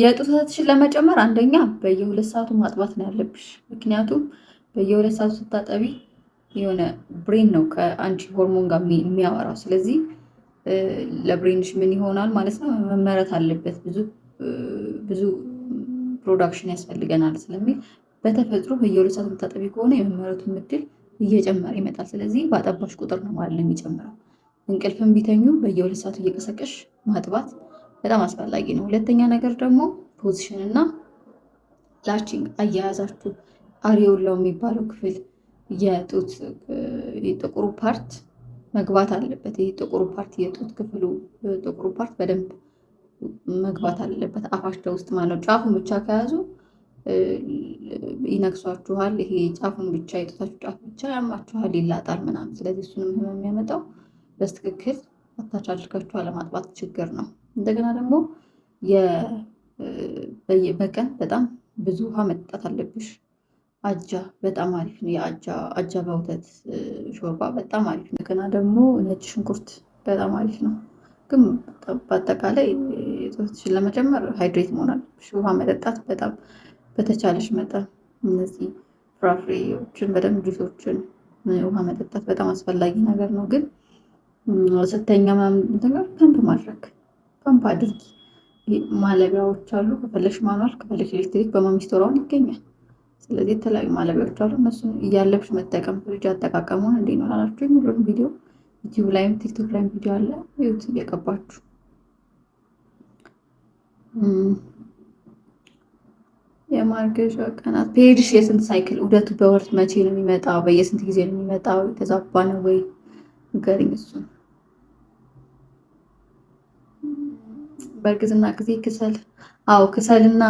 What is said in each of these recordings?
የጡት ለመጨመር አንደኛ በየሁለት ሰዓቱ ማጥባት ነው ያለብሽ። ምክንያቱም በየሁለት ሰዓቱ ስታጠቢ የሆነ ብሬን ነው ከአንቺ ሆርሞን ጋር የሚያወራው። ስለዚህ ለብሬንሽ ምን ይሆናል ማለት ነው መመረት አለበት። ብዙ ብዙ ፕሮዳክሽን ያስፈልገናል ስለሚል በተፈጥሮ በየሁለት ሰዓት የምታጠቢ ከሆነ የመመረቱን ምድል እየጨመረ ይመጣል። ስለዚህ በአጠባሽ ቁጥር ነው ማለት ነው የሚጨምረው። እንቅልፍን ቢተኙ በየሁለት ሰዓቱ እየቀሰቀሽ ማጥባት በጣም አስፈላጊ ነው። ሁለተኛ ነገር ደግሞ ፖዚሽን እና ላችንግ አያያዛችሁ አሪዮላው የሚባለው ክፍል የጡት የጥቁሩ ፓርት መግባት አለበት። ይህ ጥቁሩ ፓርት የጡት ክፍሉ ጥቁሩ ፓርት በደንብ መግባት አለበት አፋቸው ውስጥ ማለት ነው። ጫፉን ብቻ ከያዙ ይነግሷችኋል። ይሄ ጫፉን ብቻ የጡታችሁ ጫፍ ብቻ ያማችኋል፣ ይላጣል ምናምን። ስለዚህ እሱንም የሚያመጣው በትክክል አታች አድርጋችሁ አለማጥባት ችግር ነው። እንደገና ደግሞ በቀን በጣም ብዙ ውሃ መጠጣት አለብሽ። አጃ በጣም አሪፍ ነው። የአጃ አጃ በወተት ሾርባ በጣም አሪፍ ነው። እንደገና ደግሞ ነጭ ሽንኩርት በጣም አሪፍ ነው። ግን በአጠቃላይ ጦትሽን ለመጨመር ሃይድሬት መሆን አለብሽ። ውሃ መጠጣት በጣም በተቻለሽ መጠን እነዚህ ፍራፍሬዎችን በደንብ ጁሶችን ውሃ መጠጣት በጣም አስፈላጊ ነገር ነው። ግን ስተኛ ምናምን ነገር ከንብ ማድረግ ፓምፕ አድርጊ። ማለቢያዎች አሉ፣ ከፈለሽ ማኗል፣ ከፈለሽ ኤሌክትሪክ በማሚስቶራውን ይገኛል። ስለዚህ የተለያዩ ማለቢያዎች አሉ። እነሱን እያለብሽ መጠቀም ልጅ አጠቃቀሙን እንዴት ነው ላላችሁ የሚለውን ቪዲዮ ዩቲዩብ ላይም ቲክቶክ ላይም ቪዲዮ አለ። ዩት እየቀባችሁ የማርገሻ ቀናት ፔጅሽ የስንት ሳይክል ውደቱ በወርት መቼ ነው የሚመጣው? በየስንት ጊዜ ነው የሚመጣው? የተዛባ ነው ወይ ንገሪኝ እሱን በእርግዝና ጊዜ ክሰል አዎ ክሰልና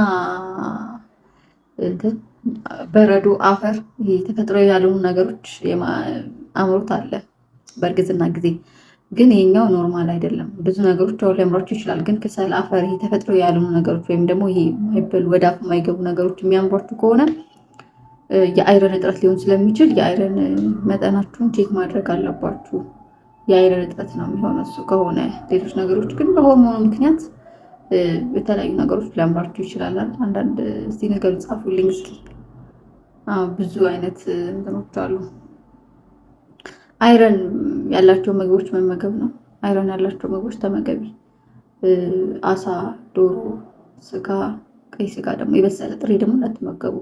በረዶ አፈር ተፈጥሮ ያልሆኑ ነገሮች አምሮት አለ በእርግዝና ጊዜ ግን ይሄኛው ኖርማል አይደለም ብዙ ነገሮች አሁን ሊያምሯቸው ይችላል ግን ክሰል አፈር ይሄ ተፈጥሮ ያልሆኑ ነገሮች ወይም ደግሞ ይሄ የማይበሉ ወደ አፍ የማይገቡ ነገሮች የሚያምሯችሁ ከሆነ የአይረን እጥረት ሊሆን ስለሚችል የአይረን መጠናችሁን ቼክ ማድረግ አለባችሁ የአይረን እጥረት ነው የሚሆነው እሱ ከሆነ ሌሎች ነገሮች ግን በሆርሞኑ ምክንያት የተለያዩ ነገሮች ሊያምራችሁ ይችላል። አንዳንድ እዚህ ነገር ጻፉልኝ እስኪ። ብዙ አይነት እንትኖች አሉ። አይረን ያላቸው ምግቦች መመገብ ነው። አይረን ያላቸው ምግቦች ተመገቢ። አሳ፣ ዶሮ፣ ስጋ፣ ቀይ ስጋ ደግሞ የበሰለ ጥሬ ደግሞ እንዳትመገቡ።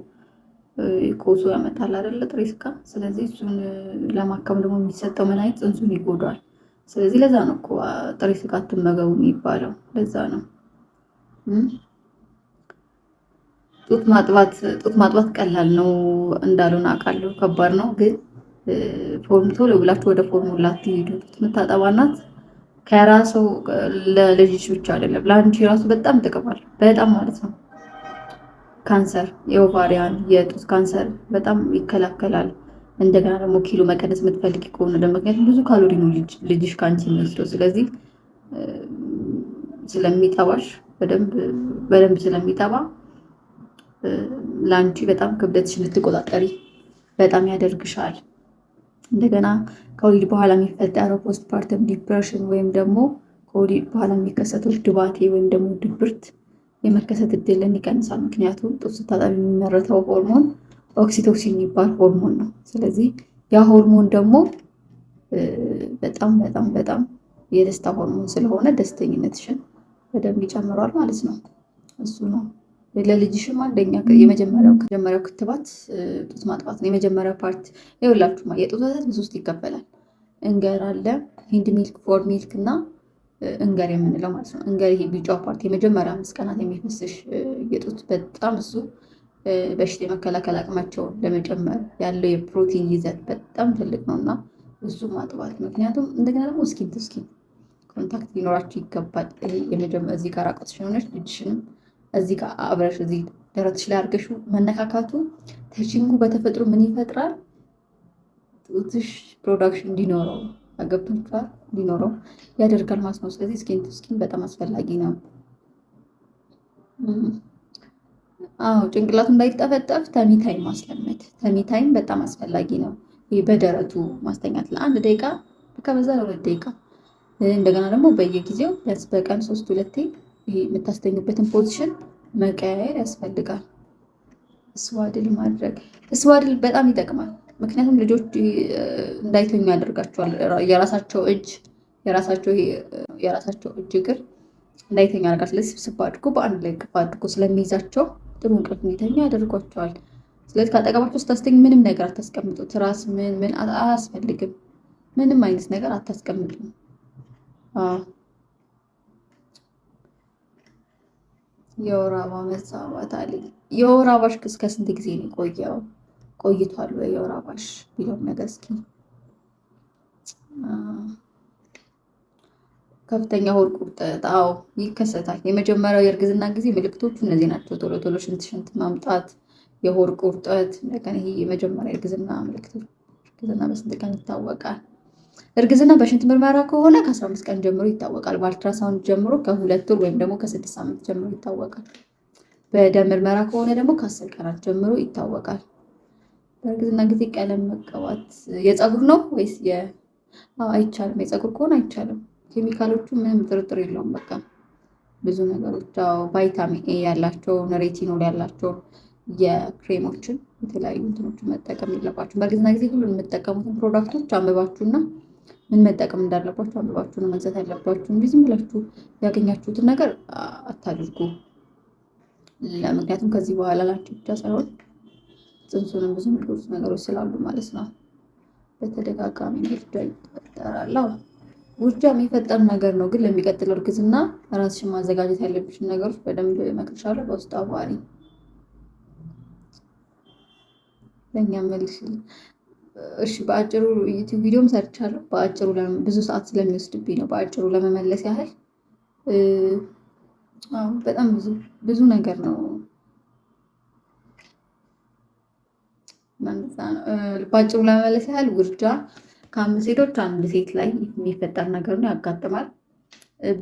ኮሶ ያመጣል አይደለ? ጥሬ ስጋ። ስለዚህ እሱን ለማከም ደግሞ የሚሰጠው መድኃኒት ጽንሱን ይጎዳል። ስለዚህ ለዛ ነው እኮ ጥሬ ስጋ አትመገቡ የሚባለው ለዛ ነው። ጡት ማጥባት ጡት ማጥባት ቀላል ነው እንዳልሆነ አውቃለሁ። ከባድ ነው ግን ፎርም ቶሎ ብላችሁ ወደ ፎርሙላ አትሄዱ። ጡት የምታጠባ እናት ከራሱ ለልጅሽ ብቻ አይደለም ለአንቺ ራሱ በጣም ጥቅማል። በጣም ማለት ነው ካንሰር፣ የኦቫሪያን፣ የጡት ካንሰር በጣም ይከላከላል። እንደገና ደግሞ ኪሎ መቀነስ የምትፈልግ ከሆነ ደግሞ ምክንያቱም ብዙ ካሎሪ ነው ልጅሽ ከአንቺ የሚወስደው ስለዚህ ስለሚጠባሽ በደንብ ስለሚጠባ ለአንቺ በጣም ክብደት እንድትቆጣጠሪ በጣም ያደርግሻል። እንደገና ከወሊድ በኋላ የሚፈጠረው ፖስት ፓርተም ዲፕሬሽን ወይም ደግሞ ከወሊድ በኋላ የሚከሰተው ድባቴ ወይም ደግሞ ድብርት የመከሰት እድልን ይቀንሳል። ምክንያቱም ጡት ስታጠቢ የሚመረተው ሆርሞን ኦክሲቶክሲን የሚባል ሆርሞን ነው። ስለዚህ ያ ሆርሞን ደግሞ በጣም በጣም በጣም የደስታ ሆርሞን ስለሆነ ደስተኝነትሽን በደንብ ይጨምሯል ማለት ነው። እሱ ነው ለልጅሽም አንደኛ የመጀመሪያው ከጀመሪያው ክትባት ጡት ማጥባት ነው። የመጀመሪያው ፓርት ይኸውላችሁማ የጡት ወተት በሶስት ይከፈላል። እንገር አለ ሂንድ ሚልክ፣ ፎር ሚልክ እና እንገር የምንለው ማለት ነው። እንገር ይሄ ቢጫው ፓርት የመጀመሪያ አምስት ቀናት የሚፈስሽ የጡት በጣም እሱ በሽታ የመከላከል አቅማቸውን ለመጨመር ያለው የፕሮቲን ይዘት በጣም ትልቅ ነው እና እሱ ማጥባት ምክንያቱም እንደገና ደግሞ እስኪን ትስኪን ኮንታክት ሊኖራቸው ይገባል። ይሄ የመጀመሪያ እዚህ ጋር አውቃት ሆነች ልጅሽንም እዚህ ጋር አብረሽ እዚህ ደረትሽ ላይ አድርገሽ መነካካቱ ተቺንጉ በተፈጥሮ ምን ይፈጥራል? ጡትሽ ፕሮዳክሽን እንዲኖረው አገብቶቿ እንዲኖረው ያደርጋል ማለት ነው። ስለዚህ ስኪን ቱ ስኪን በጣም አስፈላጊ ነው። አዎ ጭንቅላቱ እንዳይጠፈጠፍ ተሚታይም ማስለመድ ተሚታይም በጣም አስፈላጊ ነው። በደረቱ ማስተኛት ለአንድ ደቂቃ ከበዛ ለሁለት ደቂቃ እንደገና ደግሞ በየጊዜው ቢያንስ በቀን ሶስት ሁለቴ ይሄ የምታስተኙበትን ፖዚሽን መቀያየር ያስፈልጋል። እስዋድል ማድረግ እስዋድል በጣም ይጠቅማል። ምክንያቱም ልጆች እንዳይተኙ ያደርጋቸዋል። የራሳቸው እጅ የራሳቸው የራሳቸው እጅ እግር እንዳይተኛ ያደርጋል። ስለዚህ ስብስብ አድርጎ በአንድ ላይ ቅፍ አድርጎ ስለሚይዛቸው ጥሩ እንቅልፍ እንዲተኛ ያደርጓቸዋል። ስለዚህ ከአጠገባቸው ስታስተኝ ምንም ነገር አታስቀምጡ። ትራስ ምን ምን አያስፈልግም። ምንም አይነት ነገር አታስቀምጡም። የወር አበባ መዛባት አለ። የወር አበባሽ እስከ ስንት ጊዜ ነው የቆየው? ቆይቷል ወይ የወር አበባሽ ቢለውም ነገር እስኪ ከፍተኛ ሆድ ቁርጠት አዎ ይከሰታል። የመጀመሪያው የእርግዝና ጊዜ ምልክቶቹ እነዚህ ናቸው። ቶሎ ቶሎ ሽንት ሽንት ማምጣት፣ የሆድ ቁርጠት። እንደገና ይሄ የመጀመሪያ የእርግዝና ምልክቶች። እርግዝና በስንት ቀን ይታወቃል? እርግዝና በሽንት ምርመራ ከሆነ ከ15 ቀን ጀምሮ ይታወቃል። በአልትራሳውንድ ጀምሮ ከሁለት ወር ወይም ደግሞ ከስድስት ሳምንት ጀምሮ ይታወቃል። በደም ምርመራ ከሆነ ደግሞ ከአስር ቀናት ጀምሮ ይታወቃል። በእርግዝና ጊዜ ቀለም መቀባት የፀጉር ነው ወይስ አይቻልም? የፀጉር ከሆነ አይቻልም። ኬሚካሎቹ ምንም ጥርጥር የለውም። በቃ ብዙ ነገሮች ቫይታሚን ኤ ያላቸውን ሬቲኖል ያላቸውን የክሬሞችን የተለያዩ እንትኖችን መጠቀም የለባቸው። በእርግዝና ጊዜ ሁሉ የምጠቀሙትን ፕሮዳክቶች አንብባችሁና ምን መጠቀም እንዳለባችሁ አብባችሁ ነው መግዛት ያለባችሁ እንጂ ዝም ብላችሁ ያገኛችሁትን ነገር አታድርጉ። ምክንያቱም ከዚህ በኋላ ላችሁ ብቻ ሳይሆን ጽንሱንም ብዙ የሚጎዱት ነገሮች ስላሉ ማለት ነው። በተደጋጋሚ ውርጃ ይፈጠራል። ውርጃ የሚፈጠር ነገር ነው፣ ግን ለሚቀጥለው እርግዝና ራስሽን ማዘጋጀት ያለብሽን ነገሮች በደንብ እመክርሻለሁ። በውስጥ አዋሪ ለእኛ መልስል እሺ በአጭሩ ዩቲዩብ ቪዲዮም ሰርቻለሁ። በአጭሩ ብዙ ሰዓት ስለሚወስድብኝ ነው። በአጭሩ ለመመለስ ያህል በጣም ብዙ ብዙ ነገር ነው። በአጭሩ ለመመለስ ያህል ውርጃ ከአምስት ሴቶች አንድ ሴት ላይ የሚፈጠር ነገር ነው፣ ያጋጥማል።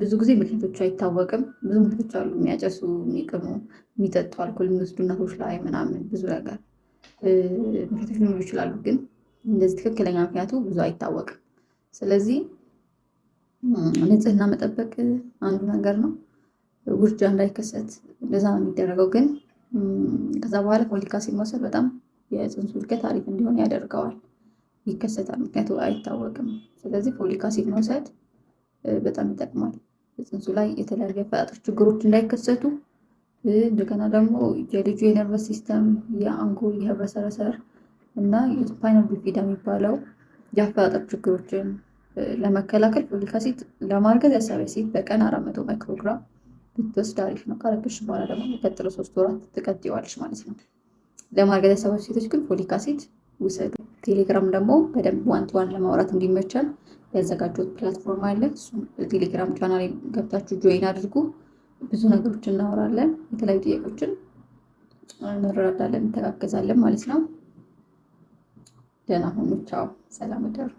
ብዙ ጊዜ ምክንያቶቹ አይታወቅም። ብዙ ምክንያቶች አሉ። የሚያጨሱ፣ የሚቅሙ፣ የሚጠጡ አልኮል የሚወስዱ እናቶች ላይ ምናምን ብዙ ነገር ምክንያቶች ሊኖሩ ይችላሉ ግን እንደዚህ ትክክለኛ ምክንያቱ ብዙ አይታወቅም። ስለዚህ ንጽህና መጠበቅ አንዱ ነገር ነው። ውርጃ እንዳይከሰት እንደዛ ነው የሚደረገው። ግን ከዛ በኋላ ፎሊክ አሲድ መውሰድ በጣም የፅንሱ እድገት አሪፍ እንዲሆን ያደርገዋል። ይከሰታል፣ ምክንያቱ አይታወቅም። ስለዚህ ፎሊክ አሲድ መውሰድ በጣም ይጠቅማል። ፅንሱ ላይ የተለያዩ አፈጣጠር ችግሮች እንዳይከሰቱ እንደገና ደግሞ የልጁ የነርቨስ ሲስተም፣ የአንጎል፣ የህብረሰረሰር ሰረሰር እና የስፓይናል ቢፊዳ የሚባለው የአፈጣጠር ችግሮችን ለመከላከል ፎሊክ አሲድ ለማርገዝ ያሰበች ሴት በቀን አራት መቶ ማይክሮግራም ብትወስድ አሪፍ ነው። ካረገዝሽ በኋላ ደግሞ የሚቀጥለው ሶስት ወራት ትቀጥዪዋለሽ ማለት ነው። ለማርገዝ ያሰባች ሴቶች ግን ፎሊክ አሲድ ውሰዱ። ቴሌግራም ደግሞ በደንብ ዋን ቱ ዋን ለማውራት እንዲመቻል ያዘጋጀሁት ፕላትፎርም አለ። ቴሌግራም ቻናል ገብታችሁ ጆይን አድርጉ። ብዙ ነገሮች እናወራለን። የተለያዩ ጥያቄዎችን እንረዳለን፣ እንተጋገዛለን ማለት ነው። ደህና ሁኑ። ቻው፣ ሰላም እደሩ።